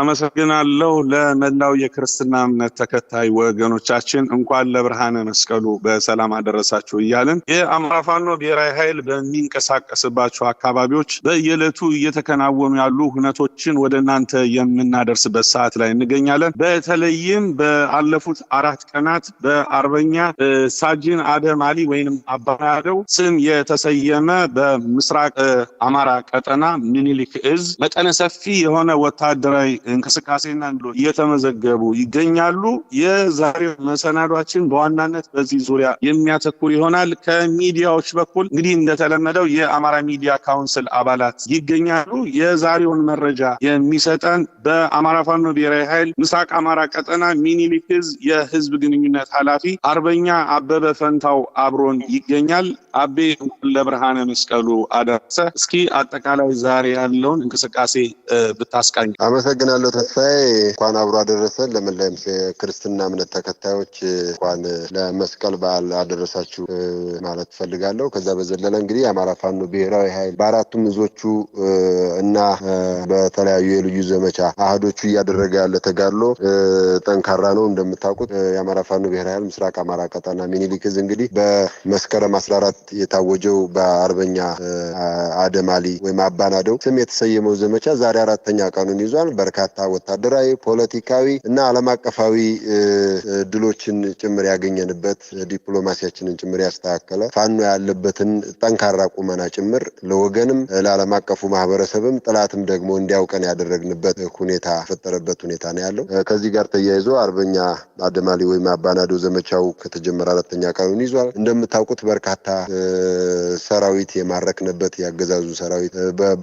አመሰግናለሁ። ለመላው የክርስትና እምነት ተከታይ ወገኖቻችን እንኳን ለብርሃነ መስቀሉ በሰላም አደረሳችሁ እያልን የአማራ ፋኖ ብሔራዊ ኃይል በሚንቀሳቀስባቸው አካባቢዎች በየዕለቱ እየተከናወኑ ያሉ ሁነቶችን ወደ እናንተ የምናደርስበት ሰዓት ላይ እንገኛለን። በተለይም በአለፉት አራት ቀናት በአርበኛ ሳጅን አደም አሊ ወይም አባናደው ስም የተሰየመ በምስራቅ አማራ ቀጠና ምኒልክ እዝ መጠነ ሰፊ የሆነ ወታደራዊ እንቅስቃሴና ብሎ እየተመዘገቡ ይገኛሉ። የዛሬው መሰናዷችን በዋናነት በዚህ ዙሪያ የሚያተኩር ይሆናል። ከሚዲያዎች በኩል እንግዲህ እንደተለመደው የአማራ ሚዲያ ካውንስል አባላት ይገኛሉ። የዛሬውን መረጃ የሚሰጠን በአማራ ፋኖ ብሔራዊ ኃይል ምስራቅ አማራ ቀጠና ሚኒሊክ የህዝብ ግንኙነት ኃላፊ አርበኛ አበበ ፈንታው አብሮን ይገኛል። አቤ ለብርሃነ መስቀሉ አደረሰ። እስኪ አጠቃላይ ዛሬ ያለውን እንቅስቃሴ ብታስቃኝ። አመሰግናለሁ። አመሰግናለሁ ተስፋዬ። እንኳን አብሮ አደረሰን። ለመላው የክርስትና እምነት ተከታዮች እንኳን ለመስቀል በዓል አደረሳችሁ ማለት ፈልጋለሁ። ከዛ በዘለለ እንግዲህ የአማራ ፋኖ ብሔራዊ ኃይል በአራቱም እዞቹ እና በተለያዩ የልዩ ዘመቻ አህዶቹ እያደረገ ያለ ተጋድሎ ጠንካራ ነው። እንደምታውቁት የአማራ ፋኖ ብሔራዊ ኃይል ምስራቅ አማራ ቀጠና ሚኒሊክዝ እንግዲህ በመስከረም አስራ አራት የታወጀው በአርበኛ አደማሊ ወይም አባናደው ስም የተሰየመው ዘመቻ ዛሬ አራተኛ ቀኑን ይዟል። በርካታ በርካታ ወታደራዊ፣ ፖለቲካዊ እና ዓለም አቀፋዊ ድሎችን ጭምር ያገኘንበት ዲፕሎማሲያችንን ጭምር ያስተካከለ ፋኖ ያለበትን ጠንካራ ቁመና ጭምር ለወገንም ለዓለም አቀፉ ማህበረሰብም ጥላትም ደግሞ እንዲያውቀን ያደረግንበት ሁኔታ ፈጠረበት ሁኔታ ነው ያለው። ከዚህ ጋር ተያይዞ አርበኛ አደማሊ ወይም አባናዶ ዘመቻው ከተጀመረ አራተኛ ቀኑን ይዟል። እንደምታውቁት በርካታ ሰራዊት የማረክንበት ያገዛዙ ሰራዊት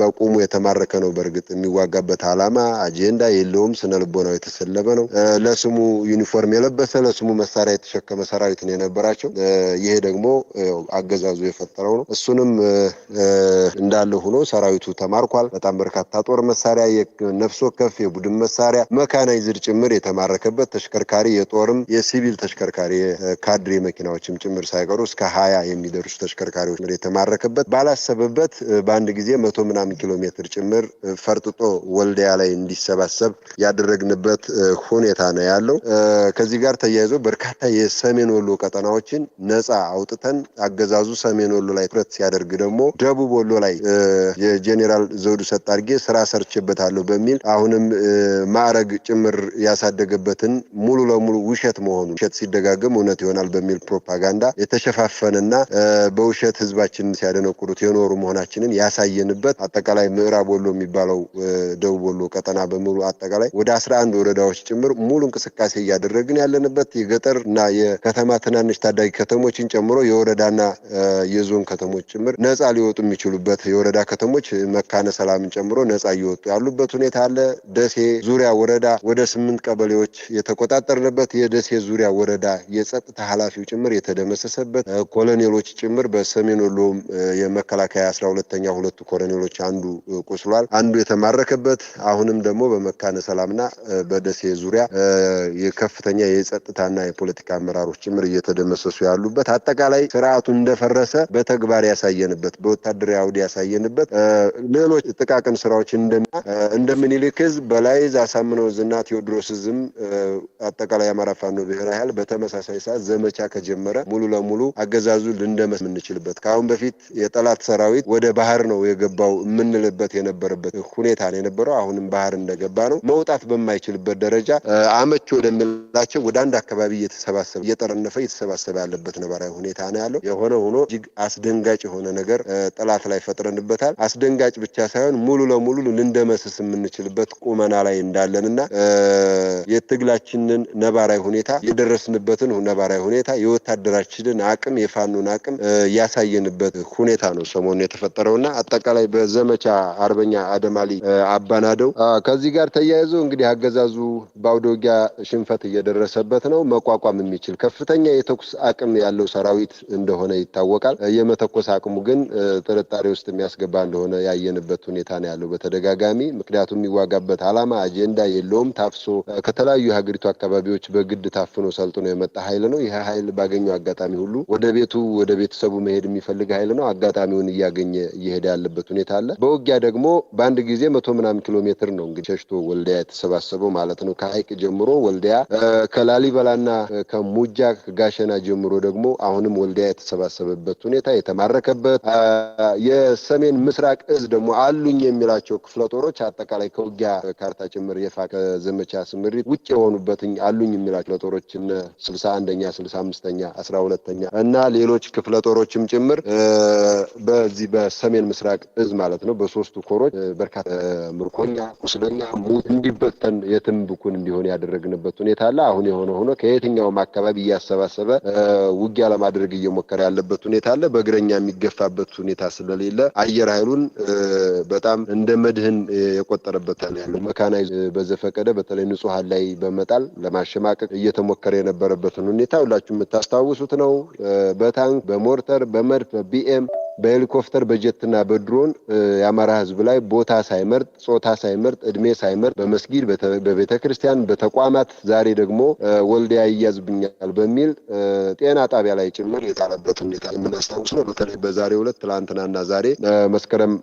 በቁሙ የተማረከ ነው። በእርግጥ የሚዋጋበት አላማ አጀንዳ አጀንዳ የለውም። ስነ ልቦናው የተሰለበ ነው። ለስሙ ዩኒፎርም የለበሰ ለስሙ መሳሪያ የተሸከመ ሰራዊት ነው የነበራቸው። ይሄ ደግሞ አገዛዙ የፈጠረው ነው። እሱንም እንዳለ ሆኖ ሰራዊቱ ተማርኳል። በጣም በርካታ ጦር መሳሪያ፣ የነፍስ ወከፍ፣ የቡድን መሳሪያ፣ መካናይዝድ ጭምር የተማረከበት ተሽከርካሪ፣ የጦርም የሲቪል ተሽከርካሪ፣ ካድሬ መኪናዎችም ጭምር ሳይቀሩ እስከ ሀያ የሚደርሱ ተሽከርካሪዎች የተማረከበት ባላሰበበት በአንድ ጊዜ መቶ ምናምን ኪሎ ሜትር ጭምር ፈርጥጦ ወልዲያ ላይ እንዲሰባ እንዲታሰብ ያደረግንበት ሁኔታ ነው ያለው። ከዚህ ጋር ተያይዞ በርካታ የሰሜን ወሎ ቀጠናዎችን ነፃ አውጥተን አገዛዙ ሰሜን ወሎ ላይ ትኩረት ሲያደርግ ደግሞ ደቡብ ወሎ ላይ የጄኔራል ዘውዱ ሰጣርጌ ስራ ሰርችበታለሁ በሚል አሁንም ማዕረግ ጭምር ያሳደገበትን ሙሉ ለሙሉ ውሸት መሆኑ ውሸት ሲደጋገም እውነት ይሆናል በሚል ፕሮፓጋንዳ የተሸፋፈነና በውሸት ህዝባችንን ሲያደነቁሩት የኖሩ መሆናችንን ያሳየንበት አጠቃላይ ምዕራብ ወሎ የሚባለው ደቡብ ወሎ ቀጠና በ ጨምሮ አጠቃላይ ወደ አስራ አንድ ወረዳዎች ጭምር ሙሉ እንቅስቃሴ እያደረግን ያለንበት የገጠር እና የከተማ ትናንሽ ታዳጊ ከተሞችን ጨምሮ የወረዳና የዞን ከተሞች ጭምር ነፃ ሊወጡ የሚችሉበት የወረዳ ከተሞች መካነ ሰላምን ጨምሮ ነፃ እየወጡ ያሉበት ሁኔታ አለ። ደሴ ዙሪያ ወረዳ ወደ ስምንት ቀበሌዎች የተቆጣጠርንበት የደሴ ዙሪያ ወረዳ የጸጥታ ኃላፊው ጭምር የተደመሰሰበት ኮሎኔሎች ጭምር በሰሜን ወሎ የመከላከያ አስራ ሁለተኛ ሁለቱ ኮሎኔሎች አንዱ ቆስሏል፣ አንዱ የተማረከበት አሁንም ደግሞ በመካነ ሰላምና በደሴ ዙሪያ የከፍተኛ የጸጥታና የፖለቲካ አመራሮች ጭምር እየተደመሰሱ ያሉበት አጠቃላይ ስርዓቱ እንደፈረሰ በተግባር ያሳየንበት በወታደራዊ አውድ ያሳየንበት ሌሎች ጥቃቅን ስራዎች እንደና እንደ ምኒልክ እዝ በላይ አሳምነው እዝና ቴዎድሮስ እዝም አጠቃላይ አማራ ፋኖ ብሔራዊ ኃይል በተመሳሳይ ሰዓት ዘመቻ ከጀመረ ሙሉ ለሙሉ አገዛዙ ልንደመስ የምንችልበት ከአሁን በፊት የጠላት ሰራዊት ወደ ባህር ነው የገባው የምንልበት የነበረበት ሁኔታ ነው የነበረው። አሁንም ባህር እንደገ እየገባ ነው። መውጣት በማይችልበት ደረጃ አመች ወደምንላቸው ወደ አንድ አካባቢ እየተሰባሰበ እየጠረነፈ እየተሰባሰበ ያለበት ነባራዊ ሁኔታ ነው ያለው። የሆነ ሆኖ እጅግ አስደንጋጭ የሆነ ነገር ጠላት ላይ ፈጥረንበታል። አስደንጋጭ ብቻ ሳይሆን ሙሉ ለሙሉ ልንደመስስ የምንችልበት ቁመና ላይ እንዳለንና የትግላችንን ነባራዊ ሁኔታ የደረስንበትን ነባራዊ ሁኔታ የወታደራችንን አቅም የፋኑን አቅም ያሳየንበት ሁኔታ ነው ሰሞኑን የተፈጠረውና አጠቃላይ በዘመቻ አርበኛ አደማሊ አባናደው ከዚህ ጋር ተያይዞ እንግዲህ አገዛዙ በአውደ ውጊያ ሽንፈት እየደረሰበት ነው። መቋቋም የሚችል ከፍተኛ የተኩስ አቅም ያለው ሰራዊት እንደሆነ ይታወቃል። የመተኮስ አቅሙ ግን ጥርጣሬ ውስጥ የሚያስገባ እንደሆነ ያየንበት ሁኔታ ነው ያለው በተደጋጋሚ ምክንያቱም የሚዋጋበት ዓላማ አጀንዳ የለውም። ታፍሶ ከተለያዩ የሀገሪቱ አካባቢዎች በግድ ታፍኖ ሰልጥኖ የመጣ ኃይል ነው። ይህ ኃይል ባገኘው አጋጣሚ ሁሉ ወደ ቤቱ ወደ ቤተሰቡ መሄድ የሚፈልግ ኃይል ነው። አጋጣሚውን እያገኘ እየሄደ ያለበት ሁኔታ አለ። በውጊያ ደግሞ በአንድ ጊዜ መቶ ምናምን ኪሎ ሜትር ነው እንግዲህ ተነስቶ ወልዲያ የተሰባሰበው ማለት ነው። ከሀይቅ ጀምሮ ወልዲያ፣ ከላሊበላና ከሙጃ ጋሸና ጀምሮ ደግሞ አሁንም ወልዲያ የተሰባሰበበት ሁኔታ የተማረከበት የሰሜን ምስራቅ እዝ ደግሞ አሉኝ የሚላቸው ክፍለ ጦሮች አጠቃላይ ከውጊያ ካርታ ጭምር የፋ ከዘመቻ ስምሪት ውጭ የሆኑበት አሉኝ የሚላቸው ክፍለ ጦሮች ስልሳ አንደኛ ስልሳ አምስተኛ አስራ ሁለተኛ እና ሌሎች ክፍለ ጦሮችም ጭምር በዚህ በሰሜን ምስራቅ እዝ ማለት ነው በሶስቱ ኮሮች በርካታ ምርኮኛ፣ ቁስለኛ እንዲበተን የትንብኩን እንዲሆን ያደረግንበት ሁኔታ አለ። አሁን የሆነ ሆኖ ከየትኛውም አካባቢ እያሰባሰበ ውጊያ ለማድረግ እየሞከረ ያለበት ሁኔታ አለ። በእግረኛ የሚገፋበት ሁኔታ ስለሌለ አየር ኃይሉን በጣም እንደ መድህን የቆጠረበት ያለ መካናይ በዘፈቀደ በተለይ ንጹሐን ላይ በመጣል ለማሸማቀቅ እየተሞከረ የነበረበትን ሁኔታ ሁላችሁ የምታስታውሱት ነው። በታንክ በሞርተር በመድፍ በቢኤም በሄሊኮፕተር በጀትና በድሮን የአማራ ህዝብ ላይ ቦታ ሳይመርጥ ጾታ ሳይመርጥ እድሜ ሳይመርጥ በመስጊድ በቤተ ክርስቲያን በተቋማት ዛሬ ደግሞ ወልዲያ ይያዝብኛል በሚል ጤና ጣቢያ ላይ ጭምር የጣለበት ሁኔታ የምናስታውስ ነው። በተለይ በዛሬ ዕለት ትላንትናና ዛሬ መስከረም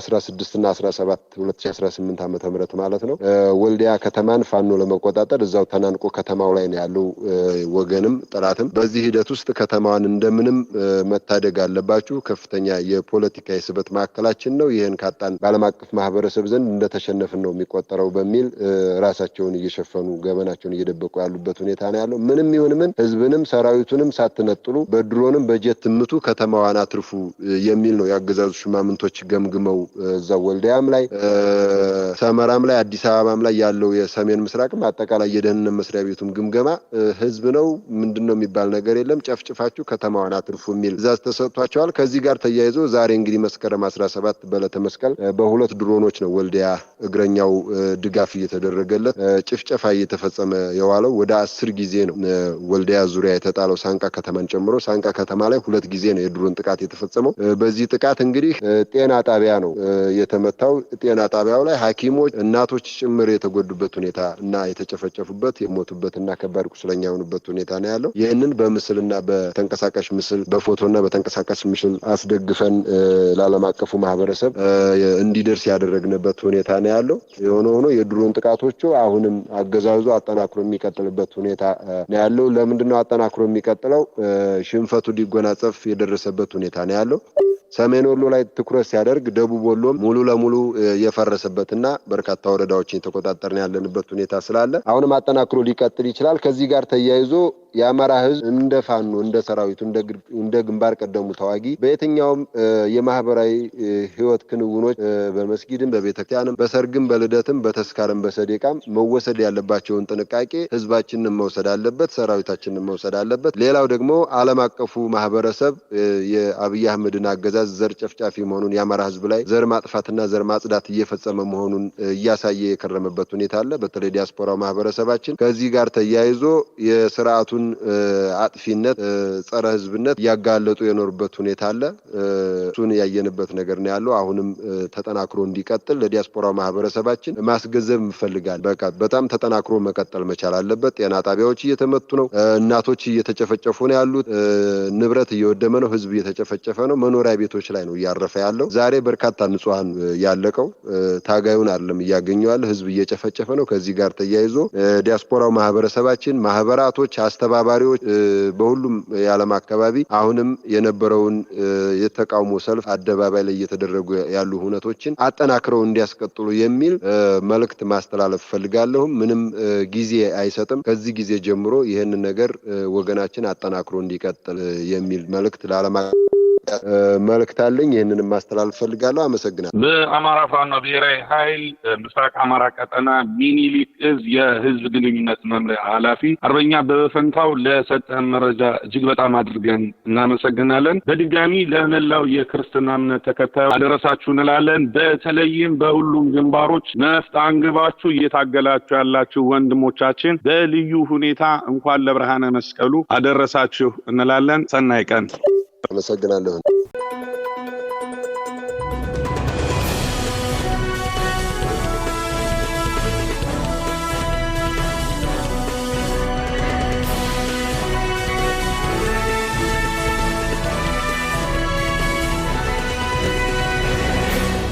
16 እና 17 2018 ዓ ም ማለት ነው ወልዲያ ከተማን ፋኖ ለመቆጣጠር እዛው ተናንቆ ከተማው ላይ ነው ያለው ወገንም ጠላትም። በዚህ ሂደት ውስጥ ከተማዋን እንደምንም መታደግ አለባችሁ ከፍተ ከፍተኛ የፖለቲካ የስበት ማዕከላችን ነው። ይህን ካጣን በዓለም አቀፍ ማህበረሰብ ዘንድ እንደተሸነፍን ነው የሚቆጠረው በሚል ራሳቸውን እየሸፈኑ ገበናቸውን እየደበቁ ያሉበት ሁኔታ ነው ያለው። ምንም ይሁን ምን ህዝብንም ሰራዊቱንም ሳትነጥሉ በድሮንም በጀት ትምቱ ከተማዋን አትርፉ የሚል ነው የአገዛዙ ሽማምንቶች ገምግመው እዛው ወልዲያም ላይ ሰመራም ላይ አዲስ አበባም ላይ ያለው የሰሜን ምስራቅም አጠቃላይ የደህንነት መስሪያ ቤቱም ግምገማ ህዝብ ነው ምንድን ነው የሚባል ነገር የለም፣ ጨፍጭፋችሁ ከተማዋን አትርፉ የሚል ትእዛዝ ተሰጥቷቸዋል። ከዚህ ጋር ተያይዞ ዛሬ እንግዲህ መስከረም 17 ሰባት በዕለተ መስቀል በሁለት ድሮኖች ነው ወልዲያ እግረኛው ድጋፍ እየተደረገለት ጭፍጨፋ እየተፈጸመ የዋለው። ወደ አስር ጊዜ ነው ወልዲያ ዙሪያ የተጣለው ሳንቃ ከተማን ጨምሮ ሳንቃ ከተማ ላይ ሁለት ጊዜ ነው የድሮን ጥቃት የተፈጸመው። በዚህ ጥቃት እንግዲህ ጤና ጣቢያ ነው የተመታው። ጤና ጣቢያው ላይ ሐኪሞች እናቶች ጭምር የተጎዱበት ሁኔታ እና የተጨፈጨፉበት የሞቱበት እና ከባድ ቁስለኛ የሆኑበት ሁኔታ ነው ያለው። ይህንን በምስልና በተንቀሳቃሽ ምስል በፎቶና በተንቀሳቃሽ ምስል አስደ ደግፈን ለዓለም አቀፉ ማህበረሰብ እንዲደርስ ያደረግንበት ሁኔታ ነው ያለው። የሆነ ሆኖ የድሮን ጥቃቶቹ አሁንም አገዛዙ አጠናክሮ የሚቀጥልበት ሁኔታ ነው ያለው። ለምንድነው አጠናክሮ የሚቀጥለው? ሽንፈቱ ሊጎናጸፍ የደረሰበት ሁኔታ ነው ያለው። ሰሜን ወሎ ላይ ትኩረት ሲያደርግ ደቡብ ወሎም ሙሉ ለሙሉ የፈረሰበትና በርካታ ወረዳዎችን የተቆጣጠርን ያለንበት ሁኔታ ስላለ አሁንም አጠናክሮ ሊቀጥል ይችላል። ከዚህ ጋር ተያይዞ የአማራ ህዝብ እንደ ፋኖ፣ እንደ ሰራዊቱ፣ እንደ ግንባር ቀደሙ ተዋጊ በየትኛውም የማህበራዊ ህይወት ክንውኖች በመስጊድም፣ በቤተክርስቲያንም፣ በሰርግም፣ በልደትም፣ በተስካርም፣ በሰዴቃም መወሰድ ያለባቸውን ጥንቃቄ ህዝባችንን መውሰድ አለበት፣ ሰራዊታችንን መውሰድ አለበት። ሌላው ደግሞ ዓለም አቀፉ ማህበረሰብ የአብይ አህመድን አገዛ አገዛዝ ዘር ጨፍጫፊ መሆኑን የአማራ ህዝብ ላይ ዘር ማጥፋትና ዘር ማጽዳት እየፈጸመ መሆኑን እያሳየ የከረመበት ሁኔታ አለ። በተለይ ዲያስፖራው ማህበረሰባችን ከዚህ ጋር ተያይዞ የስርዓቱን አጥፊነት፣ ጸረ ህዝብነት እያጋለጡ የኖሩበት ሁኔታ አለ። እሱን ያየንበት ነገር ነው ያለው። አሁንም ተጠናክሮ እንዲቀጥል ለዲያስፖራው ማህበረሰባችን ማስገንዘብ እንፈልጋለን። በቃ በጣም ተጠናክሮ መቀጠል መቻል አለበት። ጤና ጣቢያዎች እየተመቱ ነው። እናቶች እየተጨፈጨፉ ነው ያሉት። ንብረት እየወደመ ነው። ህዝብ እየተጨፈጨፈ ነው። መኖሪያ ቤት ቤቶች ላይ ነው እያረፈ ያለው። ዛሬ በርካታ ንጹሐን ያለቀው ታጋዩን አይደለም እያገኘዋል፣ ህዝብ እየጨፈጨፈ ነው። ከዚህ ጋር ተያይዞ ዲያስፖራው ማህበረሰባችን፣ ማህበራቶች፣ አስተባባሪዎች በሁሉም የዓለም አካባቢ አሁንም የነበረውን የተቃውሞ ሰልፍ አደባባይ ላይ እየተደረጉ ያሉ ሁነቶችን አጠናክረው እንዲያስቀጥሉ የሚል መልእክት ማስተላለፍ ፈልጋለሁም። ምንም ጊዜ አይሰጥም። ከዚህ ጊዜ ጀምሮ ይህንን ነገር ወገናችን አጠናክሮ እንዲቀጥል የሚል መልእክት ለዓለም መልእክት አለኝ። ይህንን ማስተላለፍ እፈልጋለሁ። አመሰግናለሁ። በአማራ ፋኖ ብሔራዊ ኃይል ምስራቅ አማራ ቀጠና ሚኒሊክ እዝ የህዝብ ግንኙነት መምሪያ ኃላፊ አርበኛ በበፈንታው ለሰጠን መረጃ እጅግ በጣም አድርገን እናመሰግናለን። በድጋሚ ለመላው የክርስትና እምነት ተከታዩ አደረሳችሁ እንላለን። በተለይም በሁሉም ግንባሮች ነፍጥ አንግባችሁ እየታገላችሁ ያላችሁ ወንድሞቻችን በልዩ ሁኔታ እንኳን ለብርሃነ መስቀሉ አደረሳችሁ እንላለን። ሰናይ ቀን አመሰግናለሁ።